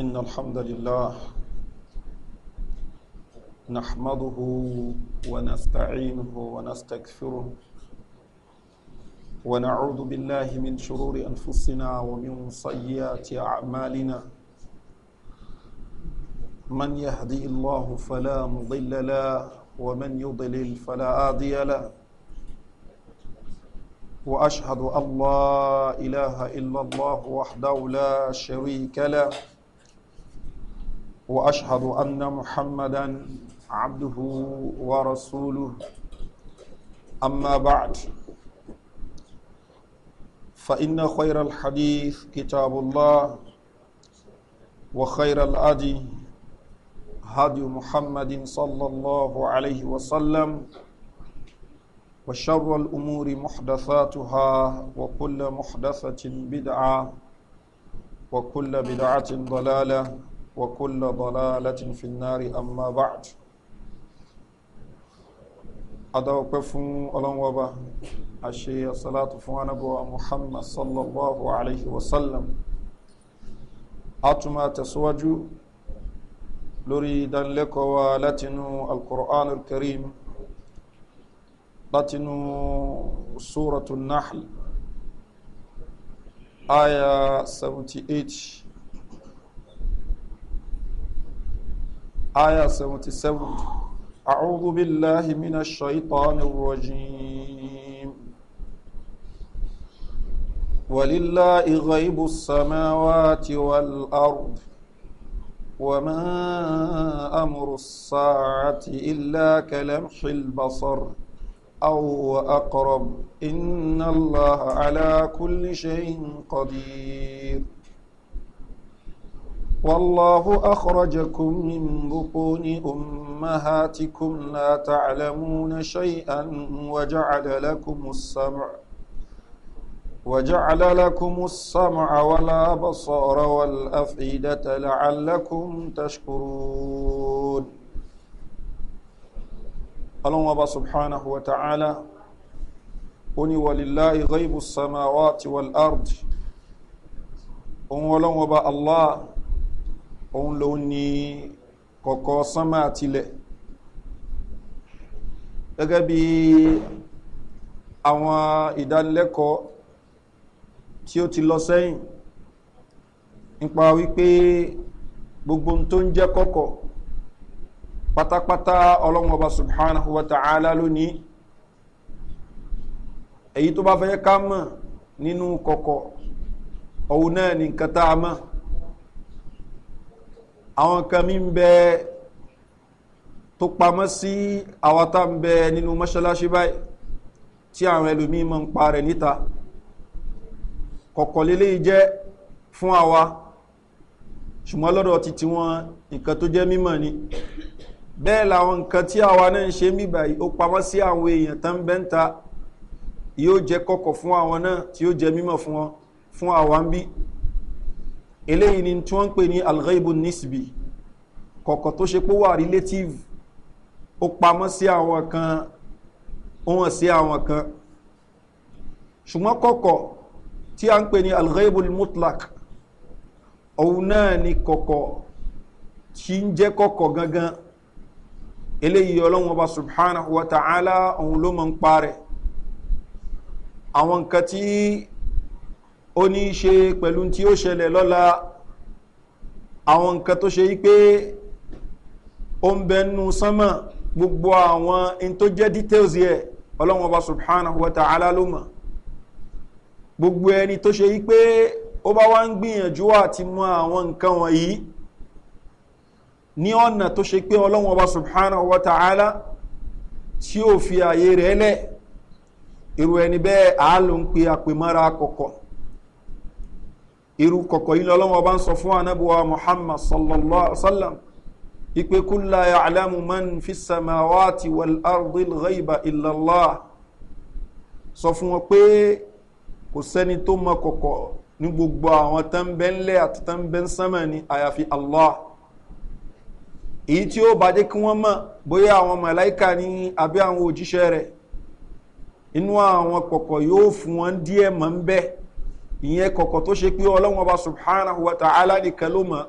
إن الحمد لله نحمده ونستعينه ونستكفره ونعوذ بالله من شرور أنفسنا ومن سيئات أعمالنا من يهدي الله فلا مضل له ومن يضلل فلا هادي له واشهد ان لا اله الا الله وحده لا شريك له واشهد ان محمدا عبده ورسوله اما بعد فان خير الحديث كتاب الله وخير الادي هدي محمد صلى الله عليه وسلم وشر الأمور محدثاتها وكل محدثة بدعة وكل بدعة ضلالة وكل ضلالة في النار أما بعد أدوقف ألنوبة أشي الصلاة فوانبوى محمد صلى الله عليه وسلم أتما تسوج لريدا لك ولتن القرآن الكريم لتن سورة النحل آية 78 آية 77 أعوذ بالله من الشيطان الرجيم ولله غيب السماوات والأرض وما أمر الساعة إلا كلمح البصر أو أقرب إن الله على كل شيء قدير والله أخرجكم من بطون أمهاتكم لا تعلمون شيئا وجعل لكم السمع وجعل لكم السمع والأبصار والأفئدة لعلكم تشكرون الله سبحانه وتعالى أني ولله غيب السماوات والأرض أن ولو الله òun ló ní kọ̀kọ́ sánmà àtilẹ̀ gẹ́gẹ́ bí àwọn ìdánilẹ́kọ̀ọ́ tí ó ti lọ sẹ́yìn nípa wípé gbogbo tó ń jẹ́ kọ́kọ́ pátápátá ọlọ́run ọba subhanahu wa ta'ala lónìí èyí tó bá fẹ́ ká mọ̀ nínú kọ̀kọ̀ òun náà ní nǹkan tá a mọ̀ àwọn kan mi ń bẹ tó pamọ́ sí àwọn tá ń bẹ nínú mọ́ṣáláṣí báyìí tí àwọn ẹlòmíín máa ń pa rẹ̀ níta kọ̀kọ̀ lélẹ́yìí jẹ́ fún àwa ṣùgbọ́n lọ́dọ̀ ti ti wọn nǹkan tó jẹ́ mímọ̀ ni bẹ́ẹ̀ làwọn nǹkan tí àwa náà ń ṣe ń bíbà ó pamọ́ sí àwọn èèyàn tán bẹ́ẹ̀ ń ta yóò jẹ́ kọ̀kọ̀ fún àwọn náà tí yóò jẹ́ mímọ̀ fún wọn fún àwa ń bí eléyìí ni tí wọ́n ń pè ní alghaibu nisbi kọ̀kọ̀ tó ṣe pé wà relative ó pamọ́ sí àwọn kan ó sí àwọn kan ṣùgbọ́n kọ̀kọ̀ tí a ń pè ní alghaibu mutlak òun náà ni kọ̀kọ̀ tí ń jẹ́ kọ̀kọ̀ gangan eléyìí ọlọ́run ọba subhanahu wa ta'ala òun ló mọ̀ ń parẹ́ àwọn nǹkan tí ó ní í ṣe pẹ̀lú tí ó ṣẹlẹ̀ lọ́la àwọn nǹkan tó ṣe wípé ó ń bẹnu sánmọ̀ gbogbo àwọn in tó jẹ́ details yẹ ọlọ́run ọba subhanahu wa ta'ala ló mọ̀ gbogbo ẹni tó ṣe wípé ó bá wá ń gbìyànjú àti mọ àwọn nǹkan wọ̀nyí ní ọ̀nà tó ṣe pé ọlọ́run ọba subhanahu wa ta'ala tí ó fi ààyè rẹ̀ lẹ̀ irú ẹni bẹ́ẹ̀ àá ló ń pe àpèmọ́ra irú kọ̀kọ̀ yìí lọ́wọ́ bá ń sọ fún anábíwá muhammad sallallahu alaihi wasallam ipe kúlá ya alamu man fi samawati wal ardil ghaiba illallah sọ fún wọn pé kò sẹ́ni tó mọ kọ̀kọ̀ ní gbogbo àwọn tán bẹ́ ń lẹ́ àti tán bẹ́ ń sánmà ní àyàfi allah èyí tí ó bàjẹ́ kí wọ́n mọ̀ bóyá àwọn màláìka ní àbí àwọn òjíṣẹ́ rẹ̀ inú àwọn kọ̀kọ̀ yóò fún wọn díẹ̀ mọ́ ń bẹ́ẹ̀ ìyẹn kọ̀kọ̀ tó ṣe pé ọlọ́wọ́n ọba subhanahu wa ta'ala nìkan ló mọ̀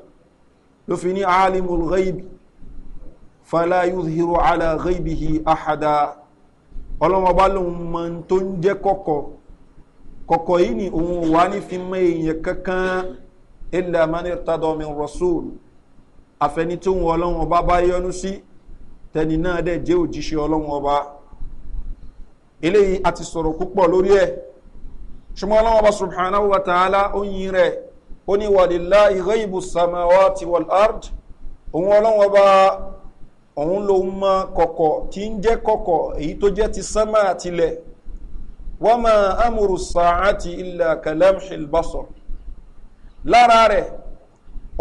ló fi ní alimul ghaibi fala yuzhiru ala ghaibihi ahada ọlọ́wọ́n ọba lòun mọ̀ tó ń jẹ́ kọ̀kọ̀ kọ̀kọ̀ yìí ni òun wà ní fi mọ èèyàn kankan ilẹ̀ amániritadomi rasul afẹni tó ń ọlọ́wọ́n ọba bá yọnu sí tẹni náà dẹ̀ jẹ́ òjíṣẹ́ ọlọ́wọ́n ọba eléyìí a ti sọ̀rọ̀ púpọ̀ lórí ẹ̀ ṣùgbọ́n aláwọ̀ bá subhanahu wa ta'ala ó yin rẹ̀ ó ní wàlílá ìhẹ́ ìbù samawa ti wal ard òun ọlọ́wọ́ bá òun ló mọ kọ̀kọ̀ tí ń jẹ́ kọ̀kọ̀ èyí tó jẹ́ ti sánmà àtilẹ̀ wọ́n máa amúrù sàáàtì ilẹ̀ kalam lára rẹ̀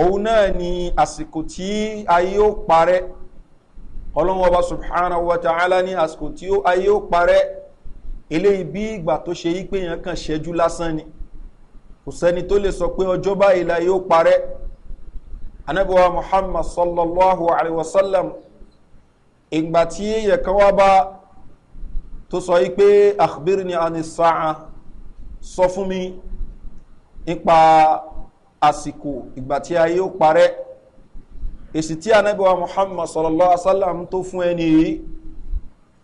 òun náà ni àsìkò tí ayé ó parẹ́ ọlọ́wọ́ bá wa ta'ala ní àsìkò tí ayé ó parẹ́ eléyìí bí ìgbà tó ṣe yí pé èèyàn kàn ṣẹ́jú lásán ni kò sẹ́ni tó lè sọ pé ọjọ́ báyìí la yóò parẹ́ anábíwá muhammad sallallahu alayhi wa sallam ìgbà tí èèyàn kan wá bá tó sọ yí pé akhbir ni anisaa sọ fún mi nípa àsìkò ìgbà tí a yóò parẹ́ èsì tí anábíwá muhammad sallallahu alayhi wa sallam tó fún ẹni yìí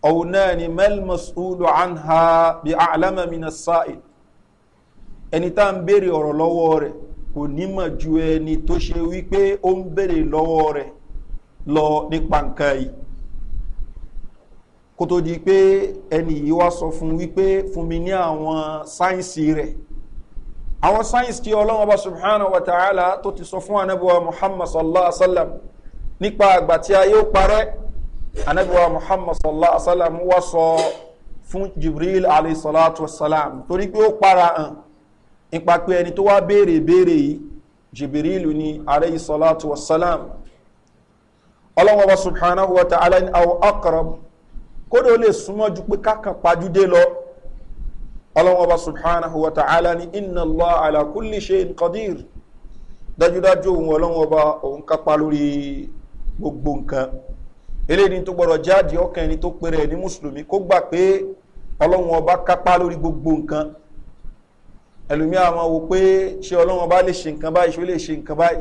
òun náà ni mẹ́lmọ́sùlù anha bí alámàmínà sáìl ẹni tá ń béèrè ọ̀rọ̀ lọ́wọ́ rẹ̀ kò nímọ̀ ju ẹni tó ṣe wípé ó ń béèrè lọ́wọ́ rẹ̀ lọ nípa nǹkan yìí kó tó di pé ẹni yìí wá sọ fún wípé fún mi ní àwọn sáyẹ́nsì rẹ̀ àwọn sáyẹ́nsì tí ọlọ́run ọba subhana wa ta'ala tó ti sọ fún anabuwa muhammad sallallahu alaihi wa sallam nípa àgbà tí a yóò parẹ́ anabiwa muhammad sallallahu alaihi wa sallam wá sọ fún jibril alayhi salatu wa salam torí pé ó para hàn ipa pé ẹni tó wá béèrè béèrè yìí jibril ni alayhi salatu wa salam ọlọ́wọ́ wa subhanahu wa ta'ala ni àwọn akọrọ̀bù kódò lè súnmọ́ ju pé kákan pàjúdé lọ ọlọ́wọ́ wa subhanahu wa ta'ala ni inna allah ala kulli ṣe qadir dájúdájú òun ọlọ́wọ́ wa òun kápá lórí gbogbo nǹkan eléyìí tó gbọ́dọ̀ jáde ọkàn ẹni tó pèrè ní mùsùlùmí kó gbà pé ọlọ́run ọba kápá lórí gbogbo nǹkan ẹlòmí àwọn wo pé ṣe ọlọ́run ọba lè ṣe nǹkan báyìí lè ṣe nǹkan báyìí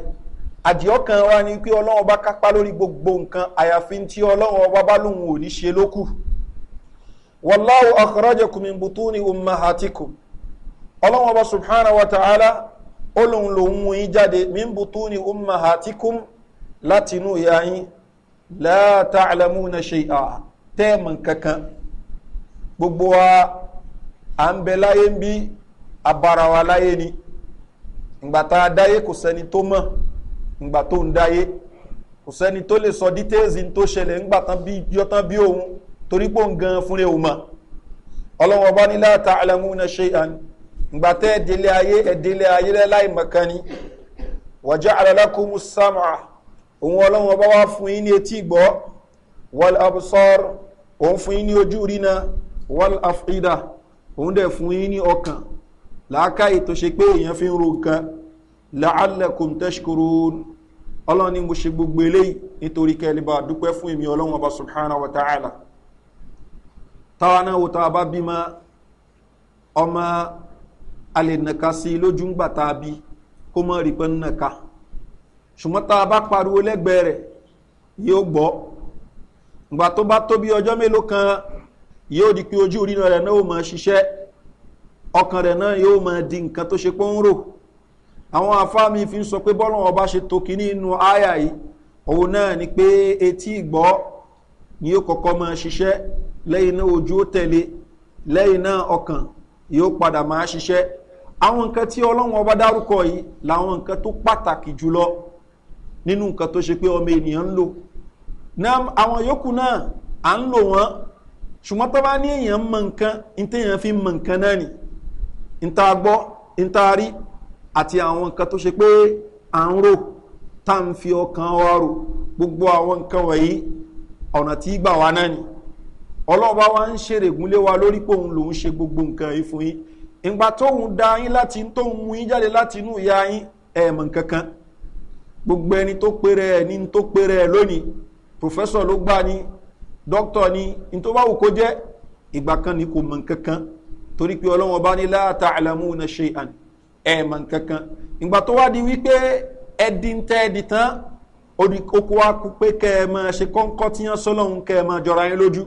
wa ọba kápá lórí gbogbo nǹkan àyàfi tí ọba bá ò ní ṣe lókù ni umma ọlọ́run ọba subhana wa ta'ala ó lòun ni umma látinú láta àlàmúna ṣe à tẹ́ẹ̀mù kankan gbogbo wa à ń bẹ láyé ń bí abara wa láyé ni ìgbà tá a dáyé kò sẹ́ni tó mọ̀ ìgbà tó ń dáyé kò sẹ́ni tó lè sọ dítẹ́ẹ̀sì tó ṣẹlẹ̀ ńgbà tán bí yọtán bí òun torí pò ń gan fúnra òun mọ̀ ọlọ́wọ́ bá ní láta àlàmúna ṣe àn ìgbà tẹ́ ẹ̀dẹ́lẹ̀ ayé ẹ̀dẹ́lẹ̀ ayé láì mọ̀kan ni wàjá àlàlákùnmù sámà òun ọlọ́run ọba wá fún yín ní etí ìgbọ́ wal absor òun fún yín ní ojú rína wal afida òun dẹ̀ fún yín ní ọkàn làákàyè tó ṣe pé èèyàn fi ń ro nǹkan la'allakum tashkurun ọlọ́run ni mo ṣe gbogbo eléyìí nítorí kẹlẹ́bà dúpẹ́ fún èmi ọlọ́run ọba subhanahu wa ṣùgbọ́n tá a bá pariwo lẹ́gbẹ̀ẹ́ rẹ̀ yóò gbọ́ ìgbà tó bá tó bí ọjọ́ mélòó kan yóò di pé ojú ìrìnà rẹ̀ náà ó mọ̀ ṣiṣẹ́ ọkàn rẹ̀ náà yóò mọ̀ di nǹkan tó ṣe pé ń rò àwọn afáàmì fi ń sọ pé bọ́lọ̀ ọba ṣe tòkí nínú àyà yìí òun náà ni pé etí ìgbọ́ ni yóò kọ́kọ́ mọ̀ ṣiṣẹ́ lẹ́yìn náà ojú ó tẹ̀lé lẹ́yìn náà ọkàn yóò padà máa ṣiṣẹ́ àwọn nǹkan tí ọlọ́run ọba dárúkọ yìí làwọn nǹkan tó pàtàkì jùlọ nínú nǹkan tó ṣe pé ọmọ ènìyàn ń lò àwọn yòókù náà à ń lò wọ́n ṣùgbọ́n tó bá ní èèyàn mọ nǹkan ìtẹ̀yàn fi mọ nǹkan náà ni ìta gbọ́ ìta rí àti àwọn nǹkan tó ṣe pé à ń rò tá à ń fi ọkàn wa rò gbogbo àwọn nǹkan wọ̀nyí ọ̀nà tí gbà wá náà ni ọlọ́ọ̀bá wa ń ṣèrègúnlé wa lórí pé òun lòun ṣe gbogbo nǹkan yìí fún yín ìgbà tóun da yín láti tóun mú yín jáde láti inú ìyá yín ẹ̀ẹ̀mọ̀ kankan gbogbo ẹni tó péré ẹ ní tó péré ẹ lónìí pòfẹ́sọ̀ ló gbá ni dókítọ̀ ni ní tó bá wù kó jẹ́ ìgbà kan ní kò mọ̀ nǹkan torí pé ọlọ́wọ́n bá ní láàtà àlàmú na ṣe àn ẹ̀ mọ̀ nǹkan kan ìgbà tó wá di wípé ẹdí ń tẹ́ ẹdí tán oko wa kú pé kẹ́ ẹ máa ṣe kọ́ńkọ́ tí yẹn sọ́lọ́hún kẹ́ ẹ máa jọra yín lójú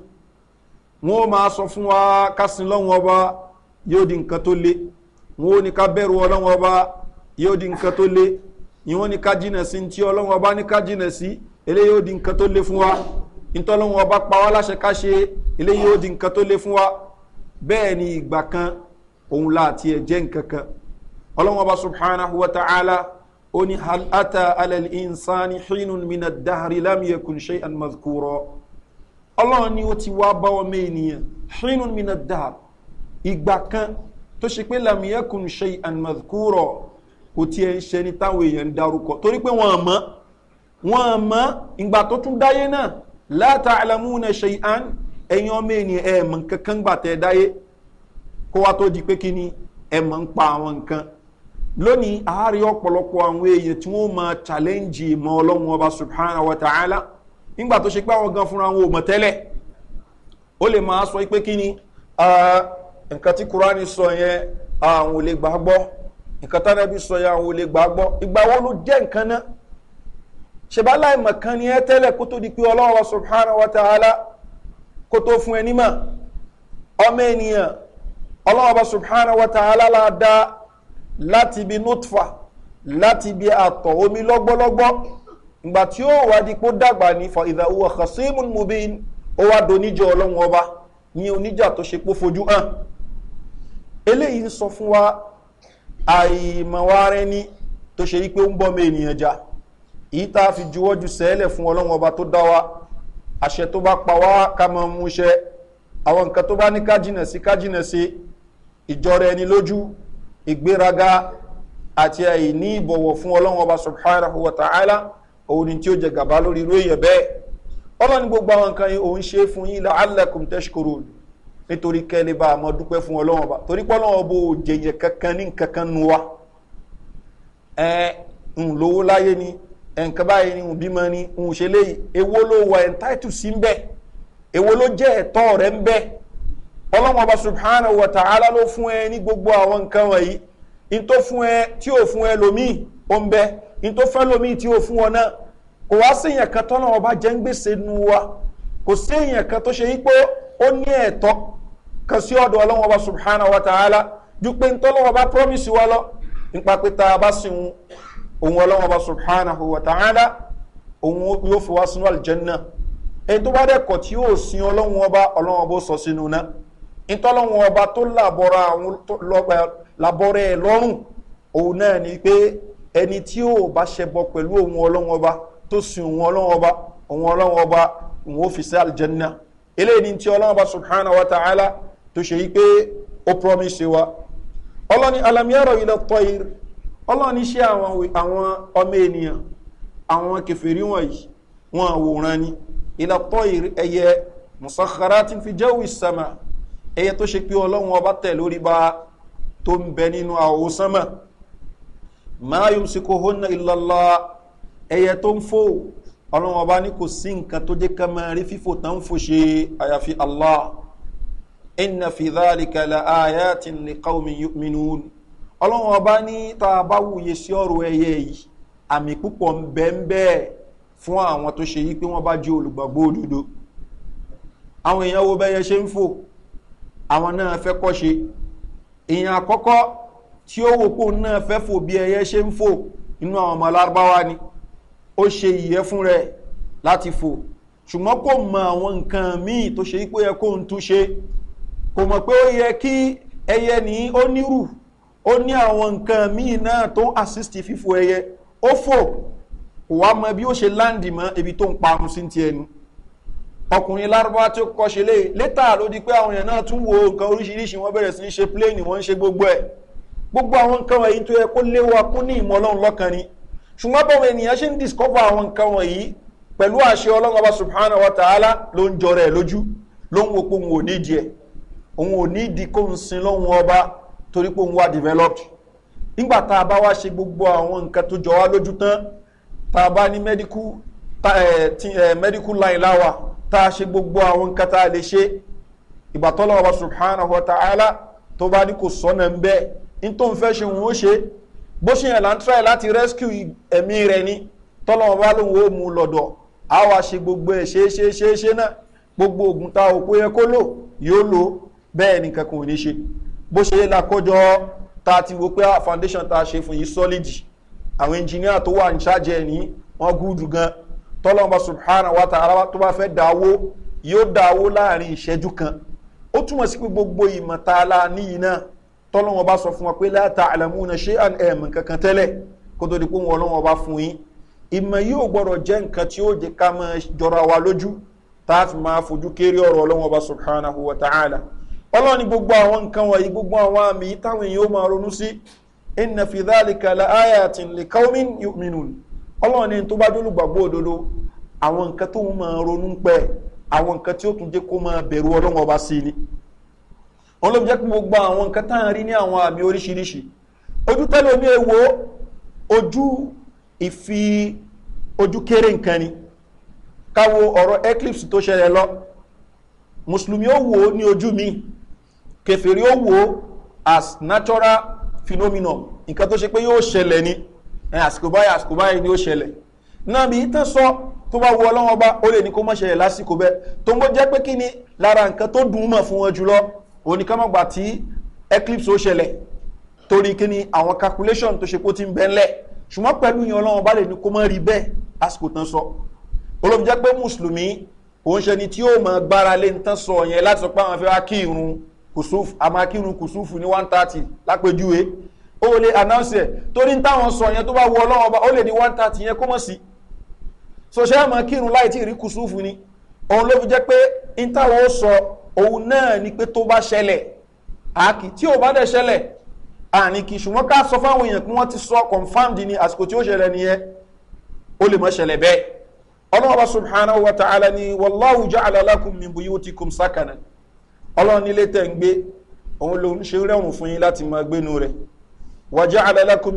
wọn ó máa sọ fún wa kásìn lọ́wọ́n ọba yóò di nǹkan tó le wọn ó ní ká bẹ̀rù ọlọ́wọ́n ọba yóò di nǹkan tó le ìwọ́n ní ká jìnà sí tí ọlọ́run ọba ní ká jìnà sí eléyìí ó di nǹkan tó le fún wa ìtọ́lọ́run ọba pa wá láṣẹ ká ṣe eléyìí ó di nǹkan tó le fún wa bẹ́ẹ̀ ni ìgbà kan òun láti ẹ̀ jẹ́ nǹkan kan ọlọ́run ọba subhanahu wa ta'ala ó ní hal ata alal insani hinun mina dahari lam yakun shay mazkuro ọlọ́run ni ó ti wá bá ọmọ ènìyàn hinun mina dahari ìgbà kan tó ṣe pé lam yakun shay mazkuro kò tiẹ̀ ń ṣẹni táwọn èèyàn ń darúkọ torí pé wọ́n mọ́ wọ́n mọ́ ìgbà tó tún dáyé náà látà alamúnà ṣe'án ẹ̀yìn ọmọ ènìyàn ẹ̀ kankan gbà tẹ̀ dáyé kó wá tó di pé kí ni ẹ̀ mọ̀ ń pa àwọn nǹkan lónìí àárí ọ̀pọ̀lọpọ̀ àwọn èèyàn tí wọ́n máa challenge ìmọ̀ ọlọ́run ọba subhanahu wa ta'ala nígbà tó ṣe pé àwọn gan fúnra wọn ò mọ̀ tẹ́lẹ̀ ó lè máa sọ pé kí ni ah, nǹkan tí kúránì sọ yẹn àwọn ah, ò lè gbàgbọ́ nǹkan tánà bí sọ ya àwọn olè gbàgbọ́ ìgbà wo ló jẹ́ nǹkan náà ṣèbá láìmọ̀ kan ni ẹ tẹ́lẹ̀ kó tó di pé ọlọ́run wa subhanahu wa ta'ala kó tó fún ẹni mà ọmọ ènìyàn ọlọ́run wa subhanahu wa ta'ala la dá láti ibi nutfa láti ibi àtọ̀ omi lọ́gbọ́lọ́gbọ́ ìgbà tí ó wá di pé dàgbà ní fa ìdáwó khasimun mubin ó wá doníjọ ọlọ́run ọba ní oníjà tó ṣe pé fojú hàn eléyìí ń sọ fún wa àìmọ̀wárẹ́ ní tó ṣe wípé ń bọ́mọ ènìyàn já èyí tá a fi juwọ́jú sẹ́ẹ̀lẹ̀ fún ọlọ́run ọba tó dá wa àṣẹ tó bá pa wá ká mọ mú iṣẹ́ àwọn nǹkan tó bá ní ká sí ká sí ìjọra ẹni lójú ìgbéraga àti àìní ìbọ̀wọ̀ fún ọlọ́run ọba subhanahu wa ta'ala òun ni tí ó jẹ gàba lórí irú èèyàn bẹ́ẹ̀ ọlọ́run gbogbo àwọn nǹkan nítorí kẹ́lẹ́ bá a mọ dúpẹ́ fún ọlọ́wọ́n bá torí pé ọlọ́wọ́n bó jẹyẹ kankan ní kankan nu wa ẹ ń lówó láyé ni ẹnkan báyìí ni ń ni ń ṣe léyìí èwo ló wà entitled sí ń bẹ èwo ló jẹ́ ẹ̀tọ́ rẹ̀ ń bẹ ọlọ́wọ́n bá subhanahu wa ta'ala ló fún ẹ ní gbogbo àwọn nǹkan wọ̀nyí in fún ẹ tí ò fún ẹ lòmíì ó ń bẹ in fẹ́ lòmíì tí ò fún ọ náà kò wá sí èèyàn kan tọ́lọ́wọ́n bá jẹ́ ń gbèsè nu wa kò sí èèyàn kan tó ṣe yí pé ó ní ẹ̀tọ́ kan sí ọ̀dọ̀ ọlọ́wọ́n ọba subhanahu wa ta'ala ju pé ntọ́lọ́wọ́ bá promise wa lọ nípa pé tá a bá sì ń òun ọlọ́wọ́n ọba subhanahu wa ta'ala òun yóò fi wá sínú àlìjẹ́nà ẹni tó bá dẹ́kọ̀ tí yóò sin ọlọ́wọ́n ọba ọlọ́wọ́n ọba ó sọ sínú náà ntọ́lọ́wọ́n ọba tó labọ́rẹ́ ẹ lọ́rùn òun náà ni pé ẹni tí yóò bá ṣẹbọ pẹ̀lú òun ọlọ́wọ́n ọba tó sin òun ọlọ́wọ́n ọba òun ọlọ́wọ́n ọba òun ó fi sí àlìjẹ́nà eléyìí ni ti ọlọ́wọ́n ọba subhanahu wa ta'ala tó ṣe wípé ó promise wa ọlọ́ni alamiyarọ̀ ilẹ̀ tọ́ir ọlọ́ni ṣe àwọn ọmọ ènìyàn àwọn kẹfẹ́rí wọ̀nyí wọn àwòrán ni ilẹ̀ tọ́ir ẹyẹ musakara ti fi jẹ́wò ìsàmà ẹyẹ tó ṣe pé ọlọ́run ọba tẹ̀ lórí bá tó ń bẹ nínú àwòsánmà máa yóò sì kó hóná ìlọ́lá ẹyẹ tó ń fò ọlọ́run ọba ní kò sí nǹkan tó jẹ́ ká fífò tán ń fò ṣe àyàfi allah iná fi dálìkà la ayé tí lè ká omi minú ọlọ́run ọba ní tá a bá wùye sí ọ̀rọ̀ ẹyẹ yìí àmì púpọ̀ ń bẹ́ ń bẹ́ẹ̀ fún àwọn tó ṣe yí pé wọ́n bá jẹ́ olùgbàgbọ́ òdodo àwọn èèyàn wo bẹ́yẹ ṣe ń fò àwọn náà fẹ́ kọ́ ṣe èèyàn àkọ́kọ́ tí ó wò pò náà fẹ́ fò bí ẹyẹ ṣe ń fò inú àwọn ọmọ alárúbáwá ni ó ṣe ìyẹ́ fún rẹ̀ láti fò ṣùgbọ́n kò mọ àwọn nǹkan míì tó ṣe yí pé ẹ kó ń tún kò mọ̀ pé ó yẹ kí ẹyẹ ní ó nírù ó ní àwọn nǹkan míì náà tó ń assist fífò ẹyẹ ó fò kò wá mọ bí ó ṣe láǹdì mọ́ ibi tó ń parun sí ti ẹnu ọkùnrin lárúbá tí ó kọ́ṣe lé létà ló di pé àwọn èèyàn náà tún wo nǹkan oríṣiríṣi wọ́n bẹ̀rẹ̀ sí ń ṣe pléènì wọ́n ń ṣe gbogbo ẹ̀ gbogbo àwọn nǹkan wọ̀nyí tó yẹ kó léwọ́ kún ní ìmọ̀ ọlọ́run lọ́kàn ni ṣùgbọ́n báwọn ènìyàn ṣe ń discover àwọn nǹkan wọ̀nyí pẹ̀lú àṣẹ ọlọ́run ọba subhanahu wa ta'ala ló ń jọrọ ẹ̀ lójú ló ń wo pé òun ò nídìí ẹ̀ òun ò ní ìdí kó ń sin lọ́hun ọba torí pé òun wá developed nígbà tá a bá wá ṣe gbogbo àwọn nǹkan tó jọ wá lójú tán tá a bá ní medical medical line láwa tá a ṣe gbogbo àwọn nǹkan tá a lè ṣe ìgbà ọba subhanahu wa ta'ala tó bá ní kò sọ́nà ń bẹ́ẹ̀ ní tó ń fẹ́ ṣe òun ó ṣe bó ṣe yàn láńtúrà láti rescue ẹ̀mí rẹ̀ ni tọ́lọ́ ọba lòun ó mú lọ́dọ̀ a wá ṣe gbogbo ẹ̀ ṣe náà gbogbo ògùn ta òpó yẹ kó lò yóò lò bẹ́ẹ̀ nìkan kò ní ṣe bó ṣe lakọjọ ta ti wo pé foundation ta ṣe fún yìí sọ́lídì àwọn engineer tó wà ní ṣáàjẹ́ ní wọ́n gúdù gan tọ́lọ́mọ subhanahu wa ta'ala tó bá fẹ́ dáwó yóò dáwó láàrin ìṣẹ́jú kan ó túmọ̀ sí pé gbogbo ìmọ̀ ta la níyì náà tọ́lọ́mọ bá sọ fún wa pé láta àlàmúna ṣé ẹ̀mù kankan tẹ́lẹ̀ kó tó di pé wọn ọlọ́wọ́n bá fún yín ìmọ̀ yóò gbọ́dọ̀ jẹ́ nǹkan tí ó jẹ́ ká máa jọra wa lójú tá máa fojú kéré ọ̀rọ̀ ọlọ́wọ́n bá subhanahu wa ta'ala ọlọ́ni gbogbo àwọn nǹkan wọ̀nyí gbogbo àwọn àmì táwọn èèyàn ó máa ronú sí iná fi dálìkà la ayé àti lèkọ́mí mìíràn ọlọ́ni tó bá dólù gbàgbọ́ òdodo àwọn nǹkan tó ń máa ronú pẹ́ àwọn nǹkan tí ó tún jẹ́ kó máa bẹ̀rù ọlọ́wọ́n ọba sí ni wọn ló jẹ́ pé gbogbo àwọn nǹkan tá à ń rí ní àwọn àmì oríṣiríṣi ojú tẹ́lẹ̀ omi èwo ojú ìfi ojú kéré nǹkan ni káwo ọ̀rọ̀ eclipse tó ṣẹlẹ̀ lọ mùsùlùmí ó wò ó ní ojú míì kẹfẹ́rí ó wò as natural phenomenon nǹkan tó ṣe pé yóò ṣẹlẹ̀ ni àsìkò báyìí àsìkò báyìí ni ó ṣẹlẹ̀ náà bí tán sọ tó bá wọ ọlọ́wọ́n bá ó lè ní kó mọ̀ ṣẹlẹ̀ lásìkò bẹ́ẹ̀ tó ń bọ́ jẹ́ pé kí ni lára nǹkan tó dùn mọ̀ fún wọn jùlọ oníkàmọ́gbà tí eclipse ó ṣẹlẹ̀ torí kí ni àwọn calculation tó ṣe kó ti ń bẹ́ńlẹ̀ ṣùgbọ́n pẹ̀lú yan ọlọ́wọ́n bá lè ní kó mọ̀ rí bẹ́ẹ̀ àsìkò tán sọ olóbi pé mùsùlùmí òun ṣe ni tí ó mọ̀ gbára lé ní sọ yẹn láti sọ pé àwọn fẹ́ wá kí irun kùsùfù amakirun kùsùfù ní one thirty lápèjúwe ó lè announce ẹ̀ torí táwọn sọ yẹn tó bá wọ ọlọ́run ọba ó lè ní one thirty yẹn kó mọ̀ sí so ṣé amakirun láì tí ì rí kùsùfù ni òun ló fi jẹ́ pé ìtawọ̀ sọ òun náà ni pé tó bá ṣẹlẹ̀ àkì tí ò bá dẹ̀ ṣẹlẹ̀ àní kì ṣùgbọ́n ká sọ fáwọn èèyàn pé wọ́n ti sọ confirmed ni àsìkò tí ó ṣẹlẹ̀ nìyẹn ó lè mọ́ ṣẹlẹ̀ bẹ́ẹ̀ ọlọ́run ọba subhanahu wa ta'ala ni wàláwù jẹ́ ja àlàlákùn mi bùyí ó ti kùm sákànà ọlọ́run nílé tẹ̀ ń gbé òun ló ń ṣe rẹ̀rùn fún yín láti máa gbénu rẹ̀ wàjá alẹ́lẹ́kùn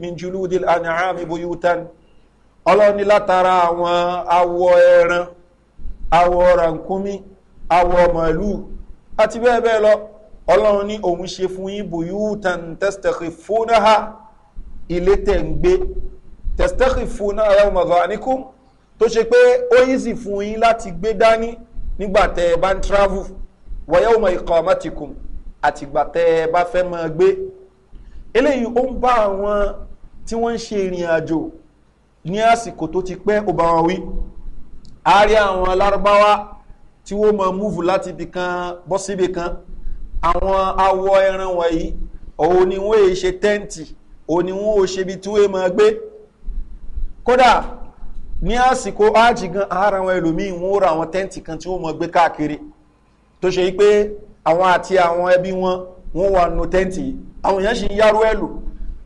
minjulúdi anáhàmì bóyútán ọlọ́run ní látara àwọn awọ ẹran awọ rankumi awọ màálù àti bẹ́ẹ̀ bẹ́ẹ̀ lọ ọlọ́run ní òun ṣe fún yín bóyútán tẹ́sítẹ́kì fúnáhà ilé tẹ̀ ń gbé tẹ́sítẹ́kì fúnáhà yàwó màdùn tó ṣe pé ó yí sì fún yín láti gbé dání nígbà bá ń travel wa yawma iqamatikum àtìgbà tẹ́ ẹ bá fẹ́ máa gbé eléyìí ó ń bá àwọn tí wọ́n ń ṣe ìrìn àjò ní àsìkò tó ti pẹ́ ó bá wọn wí àárí àwọn alárúbáwá tí wọ́n máa múvù láti ibì kan bọ́ síbì kan àwọn awọ ẹran wọ̀nyí òun ni wọ́n ṣe tẹ́ǹtì òun ni wọ́n ṣe ibi tí wọ́n gbé kódà ní àsìkò ájì gan ara ẹlòmíín wọ́n ra àwọn tẹ́ǹtì kan tí wọ́n máa gbé káàkiri tó ṣe pé àwọn àti àwọn ẹbí wọn wọn wà nù tẹ́ǹtì àwọn èèyàn ṣe ń yárú ẹ̀ lò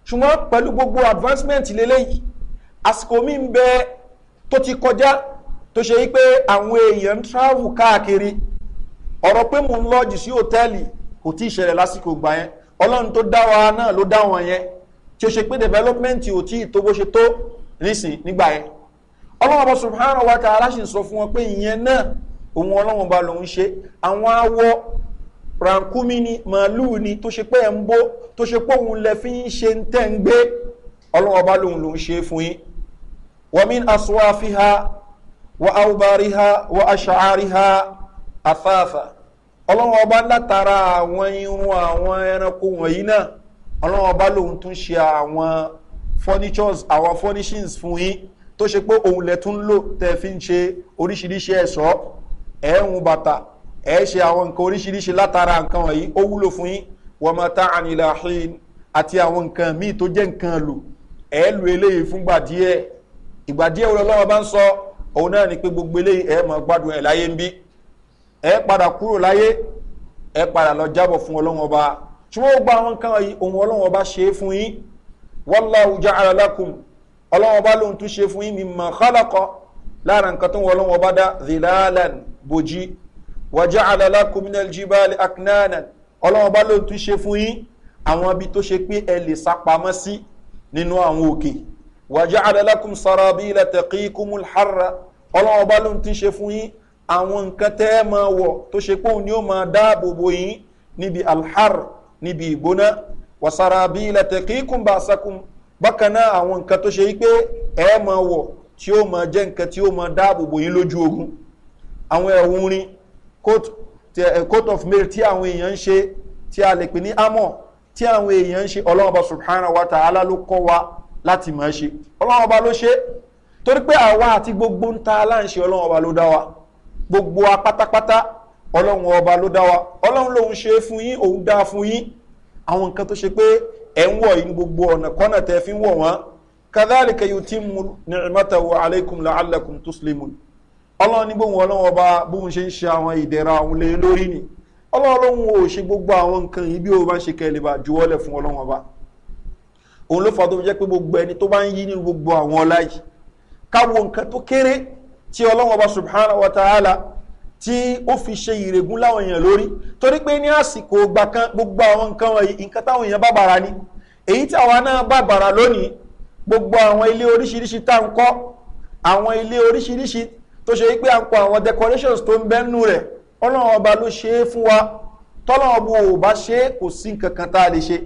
ṣùgbọ́n pẹ̀lú gbogbo advancement lélẹ́yìí àsìkò mi ń bẹ tó ti kọjá tó ṣe pé àwọn èèyàn ń travel káàkiri ọ̀rọ̀ pé mò ń lọ́ọ̀jì sí hòtẹ́ẹ̀lì kò tí ì ṣẹlẹ̀ lásìkò gbà yẹn ọlọ́run tó dá wa náà ló dá wọn yẹn tí ó ṣe pé development ò tí ì tó bó ṣe tó nísìn nígbà yẹn ọlọ́run ọba subhanahu wa ta'ala ṣì ń sọ fún wọn pé ìyẹn náà òun ọlọ́run bá lòun ṣe àwọn awọ rankumi ni màálùú ni tó ṣe pé ẹ̀ ń bó tó ṣe pé òun lẹ fi ń ṣe ń tẹ́ ń gbé ọlọ́run ọba lòun lòun ṣe fún yín wàmín aṣọ àfihà wà áwùbáríhà wà aṣàáríhà àfáàfà ọlọ́run ọba látara àwọn irun àwọn ẹranko wọ̀nyí náà ọlọ́run ọba lòun tún ṣe àwọn furnitures àwọn furnishings fún yín tó ṣe pé òun lẹ tún lò tẹ fi ń ṣe oríṣiríṣi ẹ̀ṣọ́. So ẹ̀ ń hun bàtà ẹ̀ ṣe àwọn nǹkan oríṣiríṣi látara nǹkan wọ̀nyí ó wúlò fún yín wọ́n máa ta ànilà hin àti àwọn nǹkan míì tó jẹ́ nǹkan lò ẹ̀ lu eléyìí fúngbà díẹ̀ ìgbà díẹ̀ wọlé ọlọ́wọ́ bá ń sọ òun náà ni pé gbogbo eléyìí ẹ̀ máa gbádùn ẹ̀ láyé ń bí ẹ̀ padà kúrò láyé ẹ̀ padà lọ jábọ̀ fún ọlọ́wọ́ bá ṣùgbọ́n gba àwọn nǹkan ohun ọlọ́wọ́ bá ṣe é fún yín wọ́lá ọjà alákùn ọlọ́wọ́ bá lóhun tún ṣe fún yín mímọ̀ kọ́lọ́kọ́ lára nǹkan tó wọ́n ọlọ́wọ́ bá dá zilalan bòjí wàjá àlàlá kòmínàlì jìbàlì akínánà ọlọ́wọ́n bá ló tún ṣe fún yín àwọn ibi tó ṣe pé ẹ lè sapamọ́ sí nínú àwọn òkè wàjá àlàlá kòm sara bí ilẹ̀ tẹ̀kí kòmùl hara ọlọ́wọ́n bá ló tún ṣe fún yín àwọn nǹkan tẹ́ ẹ máa wọ̀ tó ṣe pé òun ni ó máa dáàbò bo yín níbi alhar níbi ìgbóná wàsara bí ilẹ̀ tẹ̀kí kòm bá sakùn bákan náà àwọn nǹkan tó ṣe yí pé ẹ máa wọ̀ tí ó máa jẹ́ nǹkan tí ó máa dáàbò bo yín lójú ogun àwọn ẹ̀wù orin eh, coat of mail tí àwọn èèyàn ń ṣe tí a lè pè ní amọ̀ tí àwọn èèyàn ń ṣe ọlọ́ọ̀bá subhanahu wa ta'ala ló kọ́ wa láti máa ṣe ọlọ́ọ̀bá ló ṣe torí pé àwa àti gbogbo ń ta aláǹṣe ọlọ́ọ̀bá ló dá wa gbogbo wa pátápátá ọlọ́run ọba ló dá wa ọlọ́run lòun ṣe fún yín òun dá fún yín àwọn nǹkan tó ṣe pé ẹ̀ ń wọ̀ yín gbogbo ọ̀nà kọ́nà tẹ́ fi ń wọ̀ wọ́n kadhalika yutimu ni'matahu alaykum la'allakum tuslimun ọlọ́run ní gbóhùn ọlọ́run ọba bóhun ṣe ń ṣe àwọn ìdẹ̀ra òun lé lórí ni ọlọ́run ò ṣe gbogbo àwọn nǹkan yìí bí o bá ṣe kẹ́lẹ̀ bá juwọ́lẹ̀ fún ọlọ́run ọba òun ló fà tó fi jẹ́ pé gbogbo ẹni tó bá ń yí nínú gbogbo àwọn ọlá yìí káwo nǹkan tó kéré tí ọlọ́run ọba subhana wa ta'ala tí ó fi ṣe ìrègùn láwọn èèyàn lórí torí pé ní àsìkò gbà kan gbogbo àwọn nǹkan wọ̀nyí nǹkan táwọn èèyàn bá bàrà ni èyí tí àwa náà bá bàrà lónìí gbogbo àwọn ilé oríṣiríṣi tá à ń kọ́ àwọn ilé oríṣiríṣi tó ṣe pé à ń kọ àwọn decorations tó ń bẹ́nu rẹ̀ ọlọ́run ọba ló ṣe é fún wa tọ́lọ́run ọba ò bá ṣe é kò sí nǹkan kan tá a lè ṣe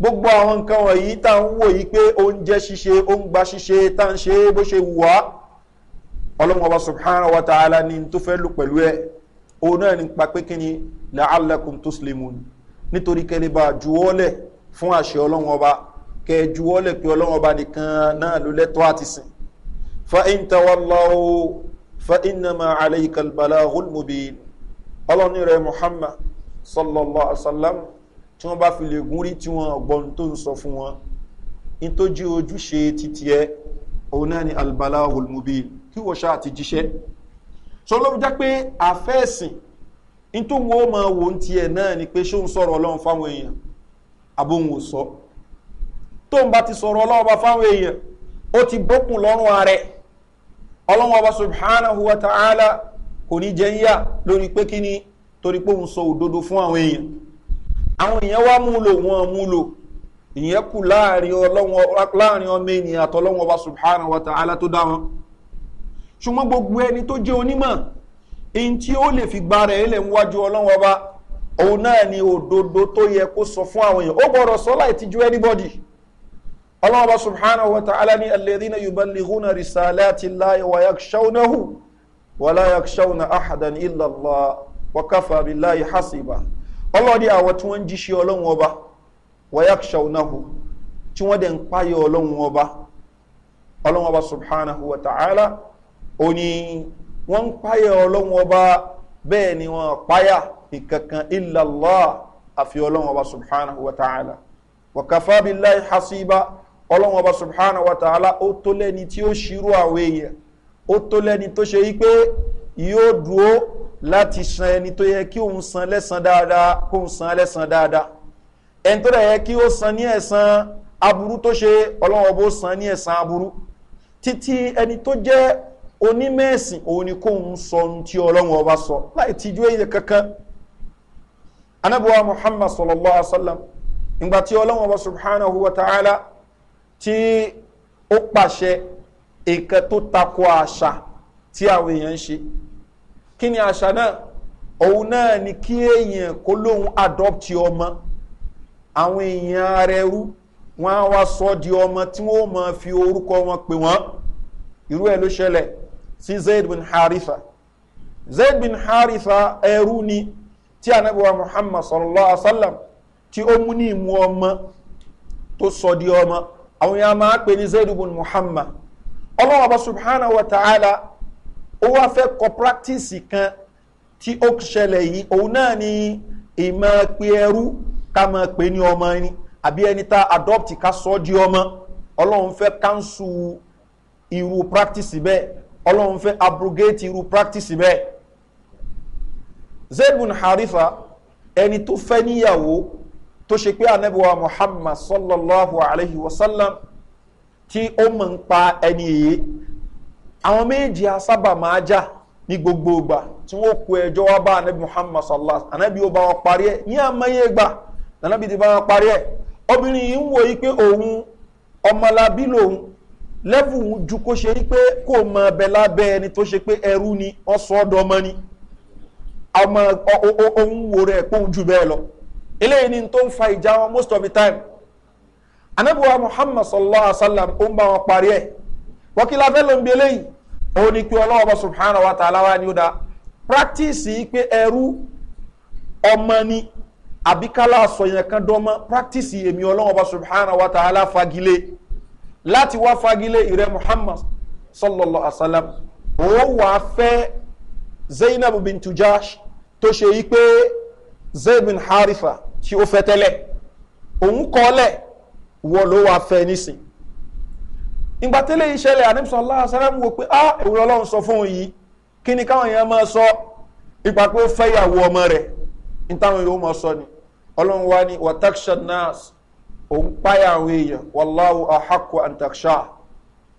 gbogbo àwọn nǹkan wọ̀nyí tá à ń wò yí pé oúnjẹ ṣíṣe oúngbà ṣíṣe tá à ń ṣe é bó ṣe wù wá ọlọ́run ọba subhanahu wa ta'ala ni tó fẹ́ lò pẹ̀lú ẹ òun náà ní pa pé kí ni la'allakum tuslimun nítorí kẹlẹ́bà juwọ́lẹ̀ fún àṣẹ ọlọ́run ọba kẹ juwọ́lẹ̀ pé fa in tawallahu fa innama alayka albalagul mubin ọlọ́ni rẹ̀ muhammad sallallahu alaihi wa sallam tí wọ́n bá fi lè gún rí tí wọ́n ọgbọ́n tó ń sọ fún wọn in tó jí ojúṣe títí ẹ òun náà ni albalagul mubin kí wọ́n ṣáà ti jíṣẹ́ sọ ló jẹ́ pé àfẹ́ẹ̀sìn in tó wọ́n máa wò ń tiẹ̀ náà ni pé ṣé ń sọ̀rọ̀ ọlọ́run fáwọn èèyàn àbóhùn ò sọ tóun bá ti sọ̀rọ̀ ọlọ́run fáwọn èèyàn ó ti bókun lọ́rùn ààrẹ ọlọ́wọ́n ọba subhanahu wa ta'ala kò ní jẹ́ yíyà lórí pé kí ni torí pé òun sọ òdodo fún àwọn èèyàn àwọn èèyàn wá mú lò wọ́n mú lò ìyẹn kù láàrin ọmọ ènìyàn àtọ́lọ́wọ́n ọba subhanahu wa ta'ala tó dá wọn ṣùgbọ́n gbogbo ẹni tó jẹ́ onímọ̀ èyí tí ó lè fi gba rẹ̀ ilẹ̀ níwájú ọlọ́wọ́n ọba òun náà ni òdodo tó yẹ kó sọ fún àwọn èèyàn ó gbọ́dọ̀ sọ láì tijú anybody ọlọ́run bá subhanahu wa ta'ala ní alẹ́dínà yubalihuna risalati láyé wa yakshaunahu wa la yakshauna ahadan illallah wa kafa billahi hasiba ọlọ́run ní àwọn tí wọ́n jíṣẹ́ ọlọ́run ọba wa yakshaunahu tí wọ́n dẹ̀ ń páyọ ọlọ́run ọba ọlọ́run ọba subhanahu wa ta'ala ó ní wọ́n ń páyọ ọlọ́run bẹ́ẹ̀ ni wọ́n páyà ìkankan illallah àfi ọlọ́run subhanahu wa ta'ala wa kafa billahi hasiba ọlọ́run ọba subhana wa ta'ala ó tó lẹ́ni tí ó ṣírò àwọn èèyàn ó tó lẹ́ni tó ṣe wípé yóò dúró láti san ẹni tó yẹ kí òun san lẹ́sàn dáadáa kó òun san lẹ́sàn dáadáa ẹni tó dẹ̀ yẹ kí ó san ní ẹ̀sán aburú tó ṣe ọlọ́run ọba ó san ní ẹ̀sán aburú títí ẹni tó jẹ́ onímẹ̀sìn òun ni kóun sọ ohun tí ọlọ́run ọba sọ láì tijú èyí kankan anábọ̀wá muhammad sallallahu alaihi ìgbà tí ọlọ́run ọba subhanahu wa ta'ala tí ó pàṣẹ nǹkan tó takò àṣà tí àwọn èèyàn ń ṣe kí ni àṣà náà òun náà kí èèyàn kó lóun adopt ọmọ àwọn èèyàn ara ẹrú wọn á wá sọ di ọmọ tí wọn ó fi orúkọ wọn pè wọn irú ẹ ló ṣẹlẹ̀ sí zayd bin harifa zayd bin ni tí anabiwa muhammad sallallahu alaihi wa sallam tí ó mú ní ìmú ọmọ tó àwọn yà máa pè ní zayd ibn muhammad ọlọ́wọ́ bá subhana wa ta'ala ó wá fẹ́ kọ practice kan tí ó ṣẹlẹ̀ yìí òun náà ni ìmọ̀ pé ẹrú ká máa pè ní ọmọ ni àbí ẹni tá adopt ká sọ di ọmọ ọlọ́run fẹ́ káńsù irú practice bẹ́ẹ̀ ọlọ́run fẹ́ abrogate irú practice bẹ́ẹ̀ zayd ibn harifa ẹni tó fẹ́ níyàwó tó ṣe pé anabiwa muhammad sallallahu alayhi wa sallam tí ó mọ̀ ń pa ẹni èyí àwọn méjì asábà máa jà ní gbogbo ìgbà tí wọ́n kó ẹjọ́ wá bá anabi muhammad sallallahu alayhi wa sallam anabi ó bá wọn parí ẹ̀ ní àmọ́yé ìgbà anabi ti bá wọn parí ẹ̀ obìnrin yìí ń wo pé òun ọmọlábí lòun lẹ́bù ju kó ṣe pé kó mọ ọbẹ̀ lábẹ́ ẹni tó ṣe pé ẹrú ni ọ̀sọ́ ọ̀dọ́ ni ọmọ ohun wo rẹ̀ kóhun jù bẹ́ẹ̀ lọ eléyìí ni tó ń fa ìjà wọn most of the time anabiwa muhammad sallallahu alaihi wa sallam ó ń bá wọn parí ẹ̀ wọ́n kí la fẹ́ ló ń bi eléyìí ó ní kí ọlọ́wọ́ subhanahu wa ta'ala wa ni ó da practice yìí pé ẹrú ọmọ ni àbíkálá sọ̀yàn kan dọ́mọ́ practice èmi ọlọ́wọ́ bá subhanahu wa ta'ala fagilé láti wá fagilé ìrẹ́ muhammad sallallahu alaihi wa sallam òun wà fẹ́ zainab bintu jash tó ṣe yí pé zayd bin harifa tí ó fẹ́ tẹ́lẹ̀ òun kọ́lẹ̀ wọ ló wá fẹ́ nísìn ìgbà tẹ́lẹ̀ ìṣẹ̀lẹ̀ àníbùsọ̀ aláàṣẹ́rẹ́mù wò pé ah èwúrọ̀ ọlọ́run sọ fún yìí kí ni káwọn èèyàn máa sọ ìgbà pé ó fẹ́ ìyàwó ọmọ rẹ̀ nítawọn yóò máa sọ ni ọlọ́run wá ní wataksha nas òun páyà àwọn èèyàn wàláwù àhàkù antaksha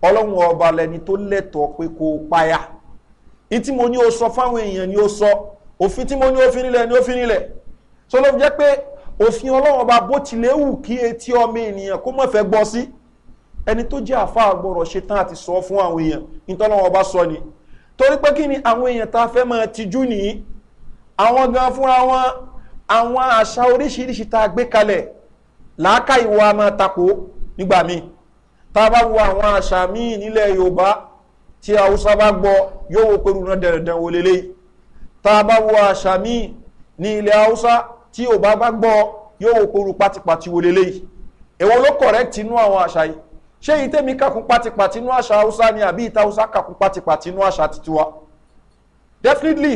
ọlọ́run ọba lẹni tó lẹ́tọ̀ọ́ pé kó páyà ìtí mo ní o sọ fáwọn èèyàn ni o sọ òfin tí mo ní o fi nílẹ̀ ni o fi nílẹ̀ so ló fi jẹ́ pé òfin ọlọ́run ọba bó tilẹ̀ wù kí etí ọmọ ènìyàn kó mọ̀ fẹ́ gbọ́ sí ẹni tó jẹ́ àfa àgbọ̀rọ̀ ṣe tán àti sọ fún àwọn èèyàn nítọ́lọ́run ọba sọ ni torí pé kí ni àwọn èèyàn tá a fẹ́ máa tijú nìyí àwọn gan fúnra wọn àwọn àṣà oríṣiríṣi tá a gbé kalẹ̀ làákà ìwà máa takò nígbà míì tá a bá wo àwọn àṣà míì nílẹ̀ yorùbá tí haúsá bá gbọ́ yóò wo pẹ̀lú náà dẹ̀rẹ̀dẹ̀ wọlé léyìí tá a bá wo àṣà míì ní ilẹ̀ haúsá tí ò bá bá gbọ́ yóò wo poru pátipàti wo leléyìí èwo ló correct inú àwọn àṣà yìí ṣé èyí tẹ́mi kàkún pátipàti inú àṣà haúsá ni àbí ìta haúsá kàkún pátipàti inú àṣà titiwa definitely